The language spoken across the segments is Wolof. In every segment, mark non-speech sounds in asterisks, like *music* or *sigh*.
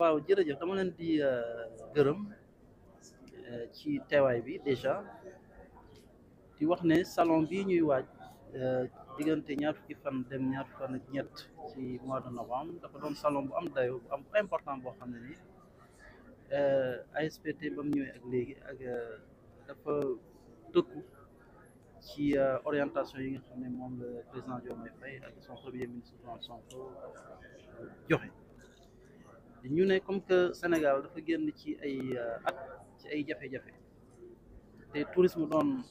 waaw jërëjëf dama leen di euh, gërëm euh, ci teewaay bi déjà di wax ne salon bii ñuy waaj euh, diggante ñaar fukki fan dem ak ñett ci mois de novembre dafa doon salon bu am dayo bu am important boo xam ne ni ASPT ba mu ñëwee ak léegi ak dafa tëkku ci orientation yi nga xam ne moom le président Diomaye Faye ak son premier ministre Ousmane Sonko joxe ñu ne comme que Sénégal dafa génn ci ay euh, at ci ay jafe-jafe te tourisme doon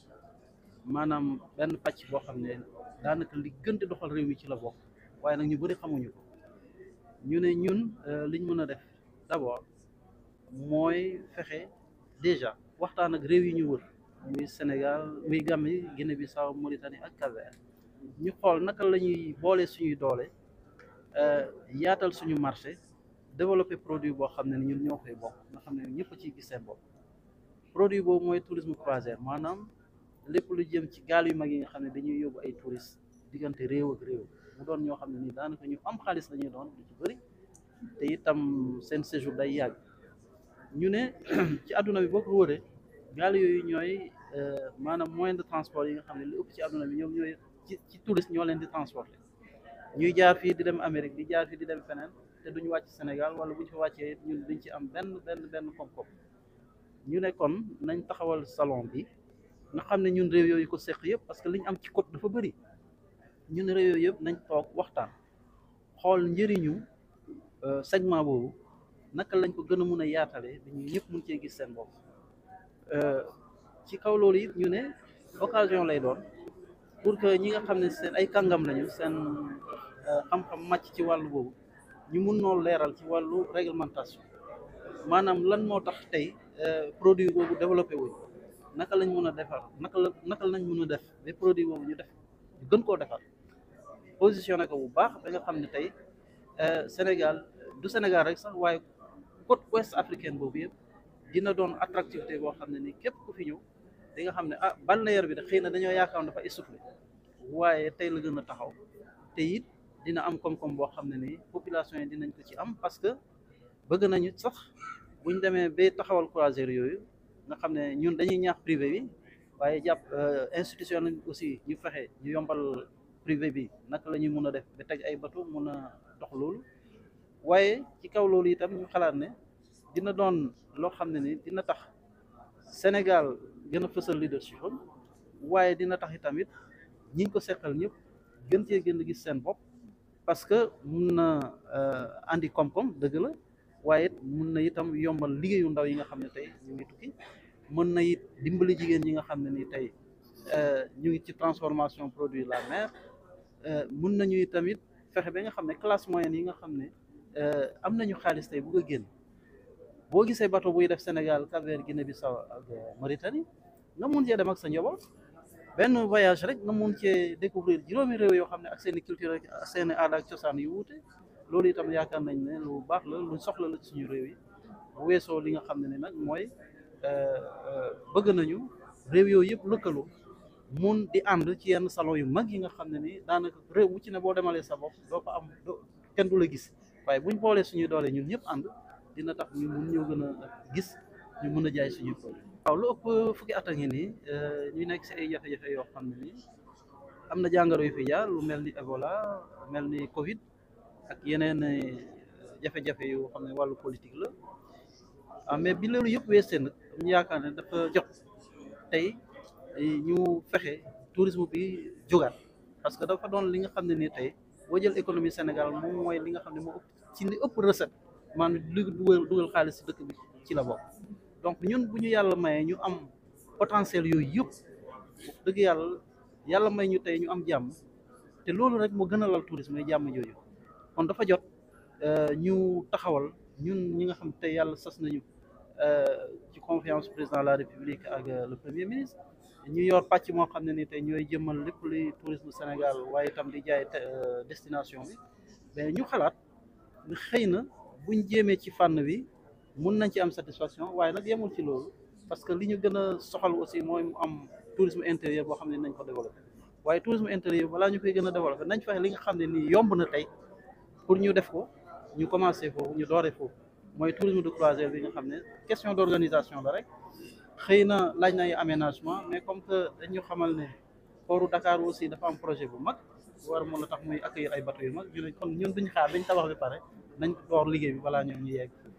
maanaam benn pàcc boo xam ne daanaka li gën doxal réew mi ci la bokk waaye nag ñu bëri xamuñu ko ñu ne ñun euh, liñ mën a def d'abord mooy fexe déjà waxtaan ak réew yi ñu wër muy Sénégal muy Gambie Guinée Bissau Mauritanie ak cap ñu xool naka la ñuy boole suñuy doole euh, yaatal suñu marché développer produit boo xam ne ñu ñun ñoo koy bokk nga xam ne ñëpp ciy gis seen bopp produit boobu mooy tourisme croisière maanaam lépp lu jëm ci gaal yu mag yi nga xam ne dañuy yóbbu ay touristes diggante réew réew mu doon ñoo xam ne nii daanaka ñu am xaalis la doon lu ci bëri te itam seen séjour day yàgg ñu ne *clears throat* ci adduna bi boo ko wóoree gaal yooyu ñooy euh, maanaam moyen de transport yi nga xam ne li ëpp ci àdduna bi ñoom ñooy ci ci touriste ñoo leen di transporter ñuy jaar fii di dem Amérique di jaar fii di dem feneen te duñu wàcc Sénégal wala bu ñu fa wàccee ñun duñ ci am benn benn benn koom-koom ñu nekkoon nañ taxawal salon bi nga xam ne ñun réew yooyu ko seq yëpp parce que li ñu am ci côte dafa bëri ñun réew yooyu yëpp nañ toog waxtaan xool njëriñu euh, segment boobu naka lañ ko gën a mun a yaatalee ba ñu ñëpp mun cee gis seen bopp euh, ci kaw loolu it ñu ne occasion lay doon pour que ñi nga xam ne seen ay kàngam lañu seen euh, xam-xam màcc ci wàllu boobu ñu mun noo leeral ci wàllu réglementation maanaam lan moo tax tey euh, produit boobu développé wuñ naka lañ mun a defar naka la naka lañ mun a def mais produit boobu ñu def ñu gën koo defar positionné ko bu baax ba nga xam ne tey euh, Sénégal du Sénégal rek sax waaye côte ouest africaine boobu yëpp dina doon attractivité boo xam ne ni képp ku fi ñëw di nga xam ne ah balnéaire bi de xëy na dañoo yaakaar dafa essoufflé waaye tey la gën a taxaw te it dina am koom-koom boo xam ne ni population yi dinañ ko ci am parce que bëgg nañu sax buñ demee ba taxawal croisière yooyu nga xam ne ñun dañuy ñaax privé bi waaye jàpp euh, institution lañ aussi ñu fexe ñu yombal privé bi naka la ñuy mun a def ba teg ay bateau mun a dox loolu waaye ci kaw loolu itam ñu xalaat ne dina doon loo xam ne ni dina tax Sénégal gën a fësal leadership waaye dina tax itamit ñiñ ko seqal ñëpp gën cee gën a gis seen bopp parce que mun na euh, andi kom kom deug la waye it na itam yombal liggéeyu ndaw yi nga xam tay ñu ngi tukki mën na it dimbali jigen yi nga xam ni tay euh ñu ngi ci transformation produit la mer euh, mun nañu tamit fexé ba nga xam classe moyenne yi nga xam euh amna ñu xaalis tay bu a génn boo gisee bateau bu def Sénégal Cap-Vert Guinée-Bissau ak euh, Mauritanie nga mën jé dem ak sa njaboot benn voyage rek nga mun cee découvrir juróomi réew yoo xam ne ak seeni i culture ak seen aada ak cosaan yu wute loolu itam yaakaar nañ ne lu baax la lu soxla la suñu réew yi bu weesoo li nga xam ne ne nag mooy euh, bëgg nañu réew yooyu yëpp lëkkaloo mun di ànd ci yenn salon yu mag yi nga xam ne ni daanaka réew wu ci ne boo demalee sa bopp doo ko am kenn du la gis waaye buñ boolee suñuy doole ñun ñëpp ànd dina tax ñu mun ñoo gën a gis ñu mën a jaay suñuy produit waaw lu ëpp fukki at a ngi nii eh, ñu nekk si ay jafe-jafe yoo xam ne am na jàngoro yu fi jaar lu mel ni Ebola mel ni Covid ak yeneen eh, jafe-jafe yoo xam ne wàllu politique la ah mais bi loolu yëpp weesee nag ñu yaakaar ne dafa jot tey eh, ñu fexe tourisme bi jógaat parce que dafa doon li nga xam ne nii tey boo jël économie Sénégal moom mooy li nga xam ne moo ëpp ci li ëpp recette maanaam dugal dugal xaalis dëkk bi ci la bokk. donc ñun bu ñu yàlla maye ñu am potentiel yooyu yëpp dëgg yàlla yàlla may ñu tey ñu am jàmm te loolu rek moo gën a lal tourisme yi jàmm jooju kon dafa jot euh, ñu taxawal ñun ñi nga xam tey yàlla sas nañu euh, ci confiance président de la république ak euh, le premier ministre ñu yor pàcc moo xam ne ni tey ñooy jëmmal lépp luy tourisme Sénégal waaye itam di jaay destination bi mais ñu xalaat xëy na buñ jéemee ci fànn wi mun nañ ci am satisfaction waaye nag yemul ci loolu parce que li ñu gën a soxal aussi mooy mu am tourisme intérieur boo xam ne nañ ko développé waaye tourisme intérieur balaa ñu koy gën a développé nañ fexe li nga xam ne nii yomb na tey pour ñu def ko ñu commencé foofu ñu doore foofu mooy tourisme de croisière bi nga xam question d'organisation organisation la rek xëy na laaj na aménagement mais comme que dañu xamal ne portu Dakar aussi dafa am projet bu mag war moo la tax muy accueillir ay bateau yu mag ñu kon ñun duñ xaar dañ tabax bi pare nañ door liggéey bi balaa ñu ñu yegg